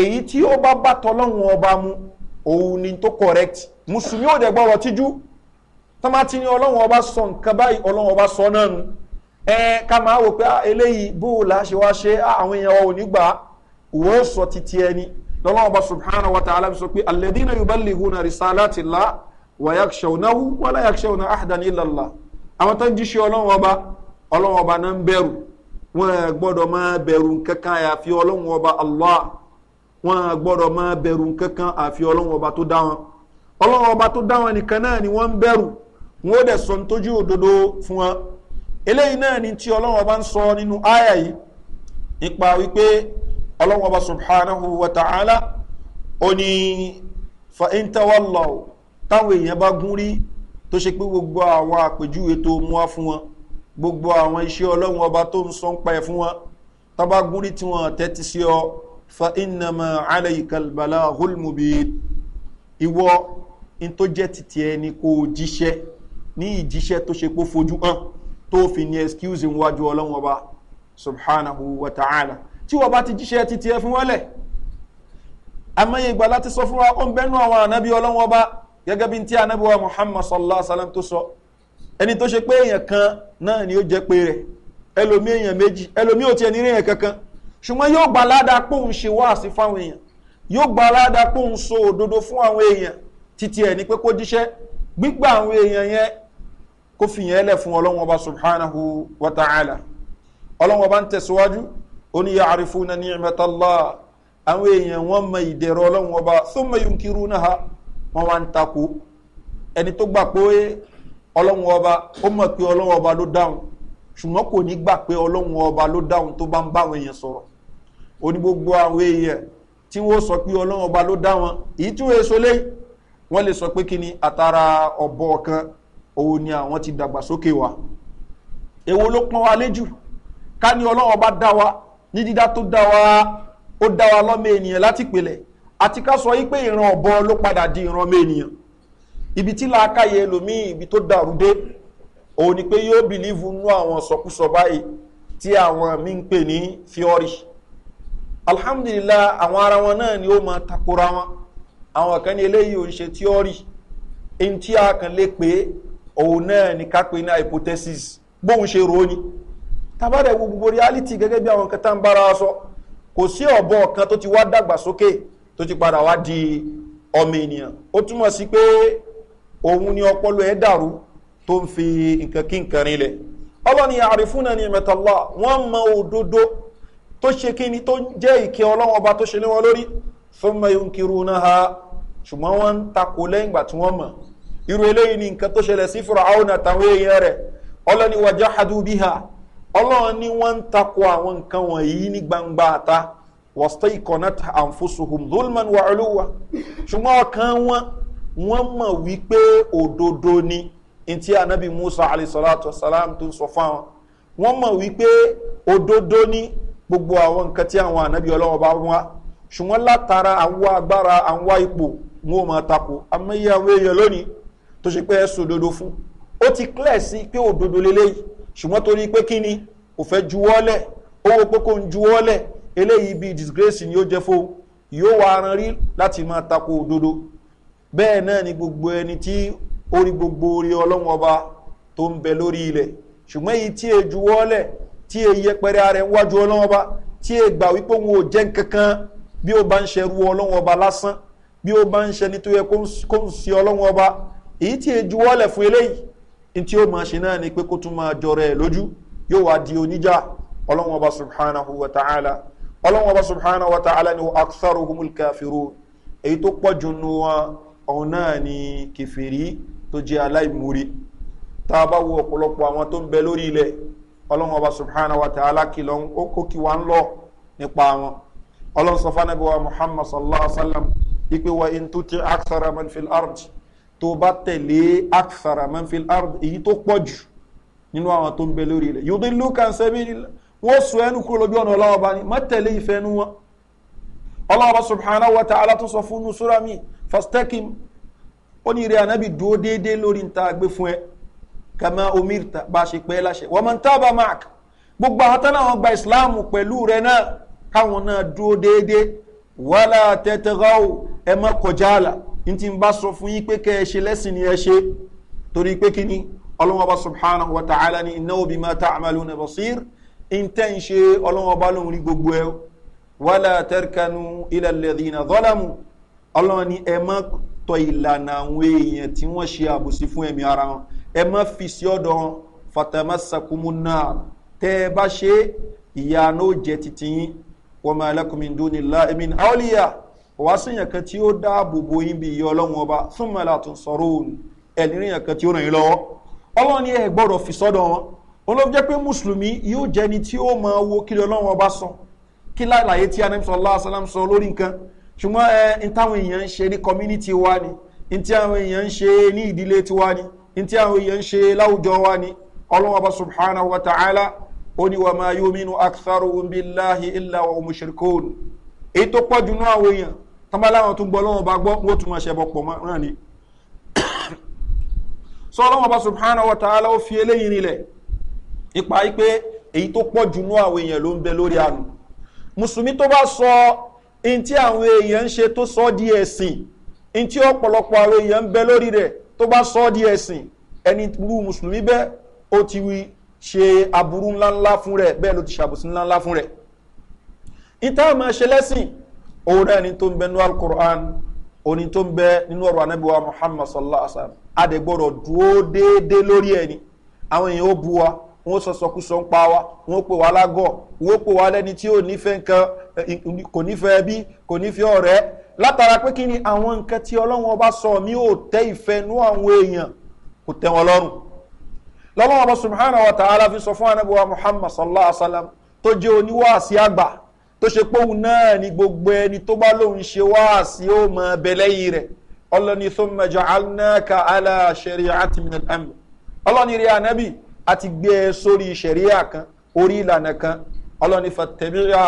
èyí tí ó bá bá tọ́lọ́hún ọba mu òun ni tó correct mùsùlùmí ò dẹ̀ gbọ́rọ̀ tíjú tọ́mátì ni ọlọ́hún ọba sọ nǹkan báyìí ọlọ́hún ọba sọ náà nu ẹ ká máa wò pé ah, eléyìí bó o là ṣe wá ṣe ah, àwọn èèyàn wa ò ní gbà wọ́n sọ titi ẹni tọ́lọ́wọ́n bá subhanahu wa ta'ala sọ pé alẹ́dínà yóò bá lèhu na risalati la wàyàkṣẹ́wọ̀náwó wọ́lá yàkṣẹ́wọ̀ná àhàdàn ìlàlá àwọn tó ń jíṣẹ́ ọlọ́wọ́n ọba ọlọ́wọ́n ọba náà ń bẹ̀rù wọn gbọ́dọ̀ máa bẹ̀rù kankan àyàfi ọlọ́wọ́n ọba allah wọn gbọ́dọ̀ máa bẹ̀rù kankan àfi ọlọ́wọ́n ọba tó dá wọn ọlọ́wọ́n ọba tó dá wọn nìkan náà ni wọ́n ń bẹ̀rù wọn ó dẹ̀ ọlọ́wọ́n bá subhanahu wa ta'ala ó ní fa'intawallah táwọn èèyàn bá gún rí tó ṣe pé gbogbo àwọn àpèjúwe tó mú wá fún wọn gbogbo àwọn iṣẹ́ ọlọ́run ọba tó ń sọ ń pa ẹ̀ fún wọn tọ́ba gúnrí tí wọ́n tẹ́tí sí ọ fa ìnàmà alẹ́ ìkàlbàlá holmobi in tó jẹ́ títí ẹni kò jíṣẹ́ ní ìjíṣẹ́ tó ṣe pé fojú hàn tó fi ní excuse níwájú ọlọ́run subhanahu wa ta'ala tí wọ́n bá ti jíṣẹ́ títí ẹ fún wọ́lẹ̀ amáyé ìgbà láti sọ fún wa ó ń bẹ́nu àwọn ànábí ọlọ́wọ́n ọba gẹ́gẹ́ bí ti ànábí wa muhammad sallallahu alaihi wa sallam tó sọ ẹni tó ṣe pé èèyàn kan náà ni ó jẹ́ pé rẹ̀ ẹlòmí èèyàn méjì ẹlòmí ò tiẹ̀ nírìn èèyàn kankan ṣùgbọ́n yóò gbà ládàá pòun ṣe wáàsí fáwọn èèyàn yóò gbà ládàá pòun so òdodo fún àwọn èèyàn títí ẹ̀ ní pé kó jíṣẹ́ gbígbà àwọn èèyàn yẹn kó fìyàn ẹlẹ̀ fún ọlọ́wọ́n ọba subhanahu wa ta'ala ọlọ́wọ́n ọba ń tẹ̀síwájú ó ní yàrìfúnà ní ìmẹ̀tàlá àwọn èèyàn wọ́n mọ ìdẹ̀rọ ọlọ́run ọba súnmọ́ yunkiru náà wọ́n wá ń takò ẹni tó gbà pé ọlọ́run ọba ó mọ̀ pé ọlọ́run ọba ló dáhùn ṣùgbọ́n kò ní gbà pé ọlọ́run ọba ló dáhùn tó bá ń bá àwọn èèyàn sọ̀rọ̀ ó gbogbo àwọn èèyàn tí wọ́n sọ pé ọlọ́run ọba ló dáhùn èyí tí wọ́n èso léyìí wọ́n lè sọ pé kí ni àtàrà ọ̀bọ̀ kan òun ni àwọn ti dàgbàsókè wa èwo ló pọ́n wa léjù ká ní ọlọ́run ọba dá wa ní dídá tó dá wa ó dá wa lọ́mọ ènìyàn láti pèlẹ̀ àti ká sọ wípé ìran ọ̀bọ ló padà di ìran ọmọ ènìyàn ibi tí làákàyè ẹlòmíì ibi tó dàrú dé òun ni pé yóò bìlíìfù nú àwọn sọkúsọ báyìí tí àwọn mi ń pè ní theory alhamdulillah àwọn ara wọn náà ni ó máa takora wọn àwọn kan ní eléyìí ò ń ṣe theory èyí tí a kàn lè pé òun náà ni ká pè ní hypothesis bóun ṣe rò ni tábàdẹ̀ wo gbogbo reality gẹ́gẹ́ bí àwọn kẹta ń bára wa sọ kò sí ọ̀bọ kan tó ti wá dàgbàsókè tó ti padà wá di ọmọ ènìyàn ó túmọ̀ sí pé òun ni ọpọlọ ẹ̀ dàrú tó ń fi nǹkan kí nǹkan rinlẹ̀ ọlọ́ni àrífúnà ni mẹ́tàlá wọ́n mọ òdodo tó ṣe kí ni tó jẹ́ ìkẹ́ ọlọ́wọ́ ọba tó ṣe ní wọn lórí fún mayun kiru náà ha ṣùgbọ́n wọ́n ń takò lẹ́yìn ìgbà tí wọ́n mọ̀ irú eléyìí ni nǹkan tó ṣẹlẹ̀ sí fúra àwọn àtàwọn èèyàn rẹ̀ ọlọ́ni wàjá hadu ọlọ́run ní wọ́n ń takò àwọn nǹkan wọ̀nyí ní gbangba ta wọ́stọ́ ìkọ̀nàtà àǹfóṣùhùn dolman wà olúwa ṣùgbọ́n ọkàn wọn wọ́n mọ̀ wípé òdodo ni ntí anabi musa alayhisalatu salam tó sọ fáwọn wọ́n mọ̀ wípé òdodo ni gbogbo àwọn nǹkan tí àwọn anabi ọlọ́wọ́ bá wá ṣùgbọ́n látara àwọn agbára àwọn ipò wọn ò máa takò amẹ́yẹ àwọn lónìí tó ṣe pé ẹ̀sùn òdodo fún ó ti kílẹ̀ sí pé òdodo lélẹ́yìí ṣùgbọ́n torí pé kí ni kò fẹ́ juwọ́lẹ̀ owó pé kò ń juwọ́lẹ̀ eléyìí bíi disgrace ni ó jẹ́ fó yóò wá aran rí láti máa tako òdodo bẹ́ẹ̀ náà ni gbogbo ẹni tí orí gbogbo orí ọlọ́run ọba tó ń bẹ lórí ilẹ̀ ṣùgbọ́n èyí tí e juwọ́lẹ̀ tí e yẹpẹrẹ ara ẹ̀ ń wájú ọlọ́run ọba tí e gbà wípé òun ò jẹ́ kankan bí ó bá ń ṣẹrú ọlọ́run ọba lásán bí ó bá ń ṣẹni tó yẹ kó ń ṣe ọlọ́run ọba èyí tí e juwọ́lẹ̀ fún eléyìí ntí ó máa ṣe náà ni pé kó tún máa jọrọ ẹ lójú yóò wá di oníjà ọlọ́wọ́n ọba subhanahu wa ta'ala ọlọ́wọ́n ọba subhanahu wa ta'ala ni aksaru humul kafiru èyí tó pọ̀ jù nù wọn ọ̀hún náà ni kẹfìrí tó jẹ́ aláìmúrí tá a bá wo ọ̀pọ̀lọpọ̀ àwọn tó ń bẹ lórí ilẹ̀ ọlọ́wọ́n subhanahu wa ta'ala kìlọ̀ tó bá tẹ̀lé akthara manfil ard èyí tó pọ̀ jù nínú àwọn tó ń bẹ lórí ilẹ̀ yóò dé lukan sẹ́bi wọ́n sọ ẹnu kúrò lójú ọ̀nà ọlọ́wọ́ bá ní má tẹ̀lé ìfẹ́ nu wọn ọlọ́wọ́ bá subhanahu wa ta'ala tó sọ fún nusura mi fastakim ó ní ìrẹ́ ànábì dúó déédéé lórí ń ta fún ẹ kàmá omirta bá ṣe pẹ́ láṣẹ wọ́n máa ń tábà mark gbogbo àwọn tán gba ìsìláàmù pẹ̀lú rẹ náà káwọn náà dúó déédéé wàhálà tẹ́tẹ́ gáwó ẹ má kọjá àlà n ti bá sọ fún yín pé kẹ́ ẹ ṣe lẹ́sìn ni ẹ ṣe torí pé kí ni ọlọ́wọ́ba subhanahu wa ta'ala ni iná òbí máa ta àmàlù ní basir n tẹ́ ń ṣe ọlọ́wọ́ba lóhun rí gbogbo ẹ wàlá tẹ́rkanu ilẹ̀ lẹ́dínà zọ́lámù ọlọ́wọ́ ni ẹ má tọ ìlànà àwọn èèyàn tí wọ́n ṣe àbòsí fún ẹ̀mí ara wọn ẹ má fi sí ọ̀dọ̀ wọn fatamasakumu náà tẹ́ ẹ bá ṣe ìyá náà jẹ́ titi yín wọ́n máa lẹ́kùnmí dúnilá ẹ̀mí àwọlíyà kò wá sí yàn kan tí ó dáàbò bo yín bí ìyá ọlọ́run ọba súnmọ́ látún sọ̀rọ̀ òun ẹ̀ní rí yàn kan tí ó ràn yín lọ́wọ́ ọlọ́run ni ẹ gbọ́dọ̀ fi sọ́dọ̀ wọn òun ló jẹ́ pé mùsùlùmí yóò jẹni tí ó máa wo kí ọlọ́run ọba sọ kí láàlàyé tí anamsọ aláàsálàm sọ lórí nǹkan ṣùgbọ́n ẹ n táwọn èèyàn ń ṣe ní community wa ni n tí àwọn èèyàn ń ṣe ní ìdílé tiwa ni n tí àwọn èèyàn ń ṣe láwùjọ wa ni ọlọ́run ọba subhanahu wa ta'ala ó ní wàá máa yóò mínú akitharu bilahi illa wa mushrikun èyí tó pọ̀ jù náà àwọn èèyàn tọ́ba láwọn tó gbọ́ lọ́wọ́ bá gbọ́ wọ́n tún máa ṣẹbọ pọ̀ náà ni sọ ọlọ́wọ́ bá subhana wa ta'ala ó fi eléyìí nílẹ̀ ipa yìí pé èyí tó pọ̀ jù nú àwọn èèyàn ló ń bẹ lórí àánú mùsùlùmí tó bá sọ in tí àwọn èèyàn ń ṣe tó sọ di ẹ̀sìn in tí ọ̀pọ̀lọpọ̀ àwọn èèyàn ń bẹ lórí rẹ̀ tó bá sọ di ẹ̀sìn ẹni rú mùsùlùmí bẹ́ẹ̀ ó ti ṣe aburú ńláńlá fún rẹ̀ bẹ́ẹ̀ ló ti ṣàbùsí ńláńlá fún rẹ̀ ìtàn máa ṣe lẹ́sìn òun náà ni tó ń bẹ nínú alukur'an òní tó ń bẹ nínú ọ̀rọ̀ anábíwá muhammad sallallahu alaihi wa sallam adẹ̀gbọ́dọ̀ dúó déédéé lórí ẹni àwọn èèyàn ó bu wa wọn sọsọkúsọ ń pa wa wọn pè wá lágọ̀ wọn pè wá lẹ́ni tí ò nífẹ̀ẹ́ nǹkan kò nífẹ̀ẹ́ bí kò nífẹ̀ẹ́ ọ̀rẹ́ látara pé kí ni àwọn nǹkan tí ọlọ́run ọba sọ mi ò tẹ́ ìfẹ́ nú àwọn èèyàn kò tẹ́ wọn lọ́rùn lọ́wọ́ ọba subhanahu wa ta'ala fi sọ fún anábíwá muhammad sallallahu alaihi wa sallam tó jẹ́ oníwàásí àgbà tó ṣe pé òun náà ni gbogbo ẹni tó bá lóun ṣe wá sí ó mọ ẹbẹ lẹ́yìn rẹ̀ ọlọ́ni tó mẹjọ alnaka aláṣẹrí àti minalamu ọlọ́ni rí anábì àti gbé e sórí ìṣẹ̀ríyà kan orí ìlànà kan ọlọ́ni fatẹ́bíyà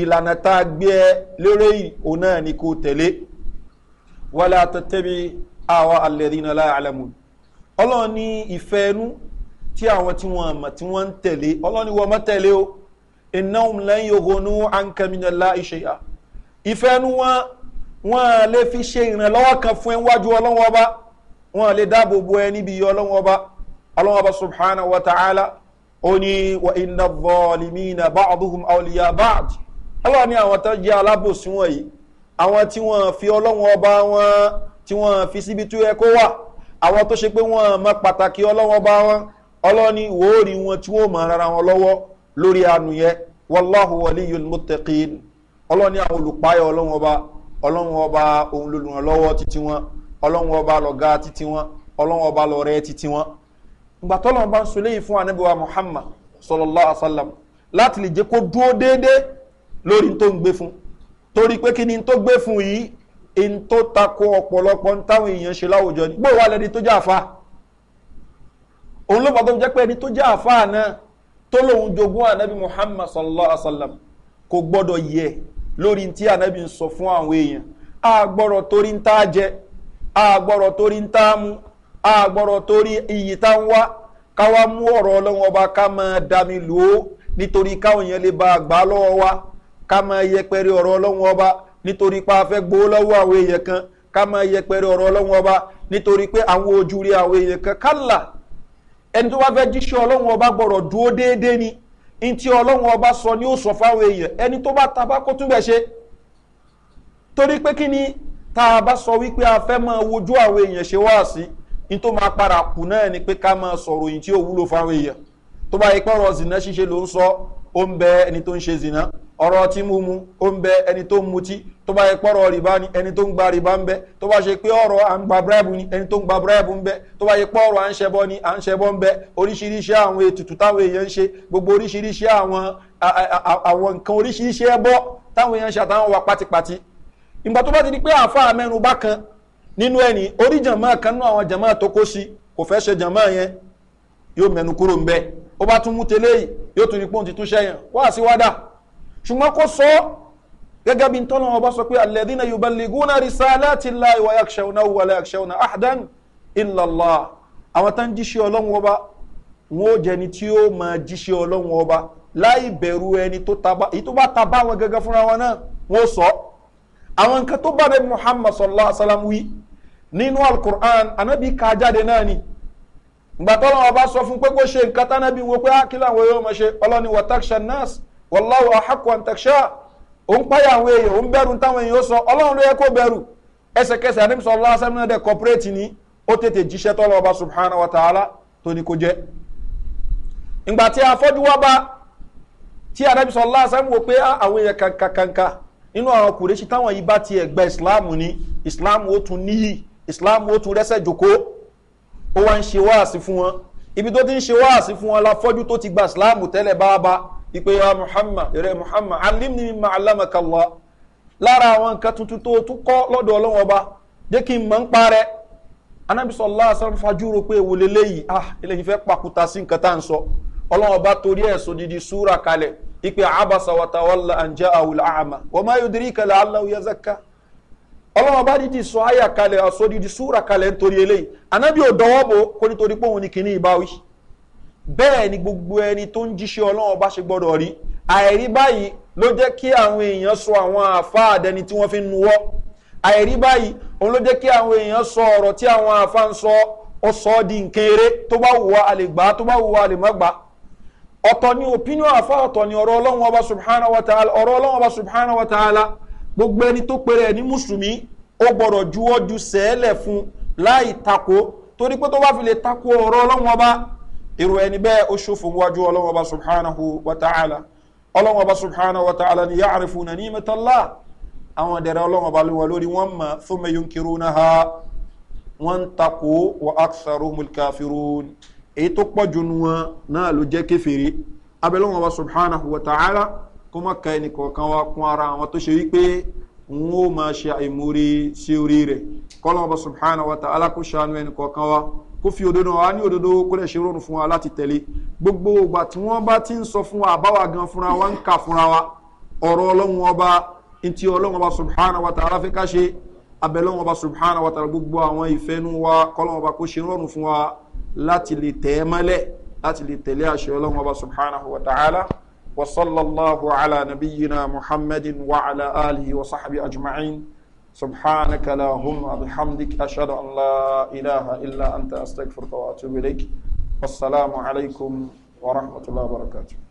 ìlànà tá a gbé ẹ lérè yìí òun náà ni kò tẹ̀lé wàlá àtẹ̀tẹ̀bí àwa alẹ́rìnà láàlámù ọlọ́ni ìfẹ́ ẹnu tí àwọn tí wọ́n mọ̀ tí wọ́n ń tẹ̀lé ọlọ́ni wọ́n mọ̀ tẹ̀lé o innahum lan yughnu anka min allahi shay'a ìfẹ́ nu wọn wọn lè fi ṣe ìrànlọ́wọ́ kan fún iwájú ọlọ́wọ́ ọba wọn lè dáàbò bo ẹ níbi ọlọ́wọ́ ọba ọlọ́wọ́ ọba subhanahu wa ta'ala ó ní wa inna dhalimina ba'duhum awliya ba'd ọlọ́wọ́ ní àwọn tó jẹ́ alábòsí wọn yìí àwọn tí wọ́n fi ọlọ́wọ́ ọba wọn tí wọ́n fi síbi tó yẹ kó wà àwọn tó ṣe pé wọ́n mọ pàtàkì ọlọ́wọ́ ọba wọn ọlọ́ni wòórì wọn tí wọ́n mọ rárá wọn lọ́wọ́ lórí àánú yẹn wàláhu wàlíyul mọ́tẹ́kìn ọlọ́run ní àwọn olùpáyọ̀ ọlọ́run ọba ọlọ́run ọba òun lolùrànlọ́wọ́ títí wọn ọlọ́run ọba lọ́gá títí wọn ọlọ́run ọba lọ́rẹ́ títí wọn. ìgbà tọ́lọ́run bá ń sọ léyìí fún anábíwá muhammad sallallahu alayhi wa sallam láti lè jẹ́ kó dúró déédéé lórí tó ń gbé fún torí pé kí ni tó gbé fún yìí in tó takò ọ̀pọ̀lọpọ̀ ń táwọn èèyàn ṣe láwùjọ ni gbé wà lẹ́ni tó jẹ́ àfa òun ló tó lòun jogún ànábì muhammad sallallahu alaihi wa sallam kò gbọdọ yẹ lórí tí ànábì ń sọ fún àwọn èèyàn àgbọ̀rọ̀ torí ń tá a jẹ àgbọ̀rọ̀ torí ń tá a mú àgbọ̀rọ̀ torí iyì tá ń wá káwá mú ọ̀rọ̀ ọlọ́run ọba ká máa dami lò ó nítorí káwọn èèyàn lè ba àgbà lọ́wọ́ wa ká máa yẹpẹrẹ ọ̀rọ̀ ọlọ́run ọba nítorí pé a fẹ́ gbowó lọ́wọ́ àwọn èèyàn kan ká máa yẹpẹrẹ ọ̀rọ̀ ọlọ́run ọba nítorí pé àwọn ojú rí àwọn èèyàn kan kálà ẹni tó bá fẹ́ jíṣẹ́ ọlọ́run ọba gbọ́dọ̀ dúró déédéé ni ní tí ọlọ́run ọba sọ ni ó sọ fáwọn èèyàn ẹni tó bá tabá kó túbẹ̀ ṣe torí pé kí ni tá a bá sọ wípé a fẹ́ máa wojú àwọn èèyàn ṣe wá sí ní tó máa padà kù náà ni pé ká máa sọ̀rọ̀ yìí tí ó wúlò fáwọn èèyàn tó bá yẹ pé ọ̀rọ̀ zìnà ṣíṣe ló ń sọ ó ń bẹ ẹni tó ń ṣe zìnà ọ̀rọ̀ tí mú mu ó ń bẹ ẹni tó ń mutí tó bá yẹ pọ́rọ̀ rìbá ni ẹni tó ń gba rìbá ń bẹ tó bá ṣe pé ọ̀rọ̀ à ń gba bíráìbù ni ẹni tó ń gba bíráìbù ń bẹ tó bá yẹ pọ́rọ̀ à ń ṣẹbọ ni à ń ṣẹbọ ń bẹ oríṣiríṣi àwọn ètùtù táwọn èèyàn ń ṣe gbogbo oríṣiríṣi àwọn àwọn nǹkan oríṣiríṣi ẹbọ táwọn èèyàn ń ṣe àtàwọn wa pátípátí ìgbà tó bá ti di pé àáfàá mẹ́nu bá kan nínú ẹni orí jàmáà kan nínú ṣùgbọ́n kó sọ gẹ́gẹ́ bí tọ́lọ́ ọba sọ pé alẹ́dínà yorùbá lẹ́gúnà rìsálà ti la ìwà yàkṣẹ́wọ̀nà wàlẹ̀ yàkṣẹ́wọ̀nà àdán ìlàlá àwọn tán jíṣẹ́ ọlọ́run ọba wọn ò jẹni tí ó máa jíṣẹ́ ọlọ́run ọba láì bẹ̀rù ẹni tó bá ta bá wọn gẹ́gẹ́ fúnra wọn náà wọn sọ àwọn nǹkan tó bá bẹ muhammad sallallahu alaihi wí nínú alukur'an anabi ká jáde náà ni gbàtọ́lọ́wọ́ bá sọ fún pé kó ṣe nǹkan tánábì wo pé á ah, kí yóò máa ṣe ọlọ́ni wàtáṣà nurse wàláwù àhàkù àǹtẹ̀ṣà òun páyà àwọn èèyàn òun bẹ̀rù táwọn èèyàn sọ ọlọ́run ló yẹ kó bẹ̀rù ẹsẹ̀kẹsẹ̀ ànímsọ lásánà dẹ̀ kọ́pẹ́rẹ́tì ni ó tètè jíṣẹ́ tọ́lọ́ ọba subhana wa ta'ala tó ní kó jẹ́ ìgbà tí afọ́jú wá bá tí ànímsọ lásán wò pé ah, àwọn èèyàn kankankanka inú àwọn kùrẹ́sì táwọn yìí bá tiẹ̀ gba ìsìláàmù ni ìsìláàmù ó tún níyì ìsìláàmù ó tún rẹ́sẹ̀ jòkó ó wá ń ṣe wáàsí fún wọn ibi tó ti ń ṣe wáàsí fún wọn la fọ́jú tó ti gba ìsìláàmù tẹ́lẹ̀ bá bá ìpè ya muhammad ìrẹ muhammad alimni mi ma alamaka allah lára àwọn nǹkan tuntun tó tún kọ́ lọ́dọ̀ ọlọ́wọ́n ọba jẹ́ kí n mọ̀ ń parẹ́ anabi sọlá asan fajúro pé èwo leléyìí ah eléyìí fẹ́ pàkúta sí nǹkan tá à ń sọ ọlọ́wọ́n ọba torí ẹ̀ sọ didi súra kalẹ̀ ìpè abasa watawala anja awul ahama wọ́n máa yóò dirí kalẹ̀ aláwọ̀ yẹ zaka ọlọ́wọ́n ọba didi sọ àyà kalẹ̀ àsọ didi súra kalẹ̀ nítorí eléyìí anabi ò dọwọ́ bo kó nítorí pé òun ni kìíní ìbáwí bẹ́ẹ̀ ni gbogbo ẹni tó ń jíṣẹ́ ọlọ́run ọba ṣe gbọ́dọ̀ rí àìrí báyìí ló jẹ́ kí àwọn èèyàn sọ àwọn àfa àdẹni tí wọ́n fi ń nuwọ́ àìrí báyìí òun ló jẹ́ kí àwọn èèyàn sọ ọ̀rọ̀ tí àwọn àfa ń sọ ó sọ ọ́ di nǹkan eré tó bá wù wá àlè gbà tó bá wù wá àlè má gbà ọ̀tọ̀ ni opinion àfa ọ̀tọ̀ ni ọ̀rọ̀ ọlọ́run ọba subhanahu wa ta'ala ọ̀rọ̀ ọlọ́run ọba subhanahu wa ta'ala irú ẹni bẹ́ẹ̀ ó ṣòfò wájú ọlọ́wọ́ bá subhanahu wa ta'ala ọlọ́wọ́ bá subhanahu wa ta'ala ni yáà rẹ̀ fún ní mẹ́tàlá àwọn ẹ̀dẹ̀rẹ̀ ọlọ́wọ́ bá lówà lórí wọ́n mọ̀ fún mẹ́yún kiri náà ha wọ́n takò wà áksàrò mulkafirun èyí tó pọ̀ jù náà ló jẹ́ kéfèrè abẹ́lọ́wọ́ subhanahu wa ta'ala kó má ka ẹnì kọ̀ọ̀kan wa kún ara àwọn tó ṣe wípé n ó máa ṣe àìmúrí sí orí rẹ̀ kọ́lọ́wọ́ subhanahu wa ta'ala kó ṣàánú ẹnì kọ̀ọ̀kan wa kó fi òdodo wa ní òdodo kó lè ṣe rọrùn fún wa láti tẹ̀lé gbogbo ìgbà tí wọ́n bá ti ń sọ fún wa àbáwá gan fúnra wa ń kà fúnra wa ọ̀rọ̀ ọlọ́run ọba ntí ọlọ́run ọba subhanahu wa ta'ala fẹ́ ká ṣe abẹ́lọ́run ọba subhanahu wa ta'ala gbogbo àwọn ìfẹ́nu wa kọ́lọ́run ọba kó ṣe rọrùn fún wa láti lè tẹ̀ ẹ́ mọ́lẹ̀ láti lè tẹ̀lé àṣẹ ọlọ́run ọba subhanahu wa ta'ala wa sallallahu ala wa ala سبحانك اللهم بحمدك أشهد أن لا إله إلا أنت أستغفرك وأتوب إليك والسلام عليكم ورحمة الله وبركاته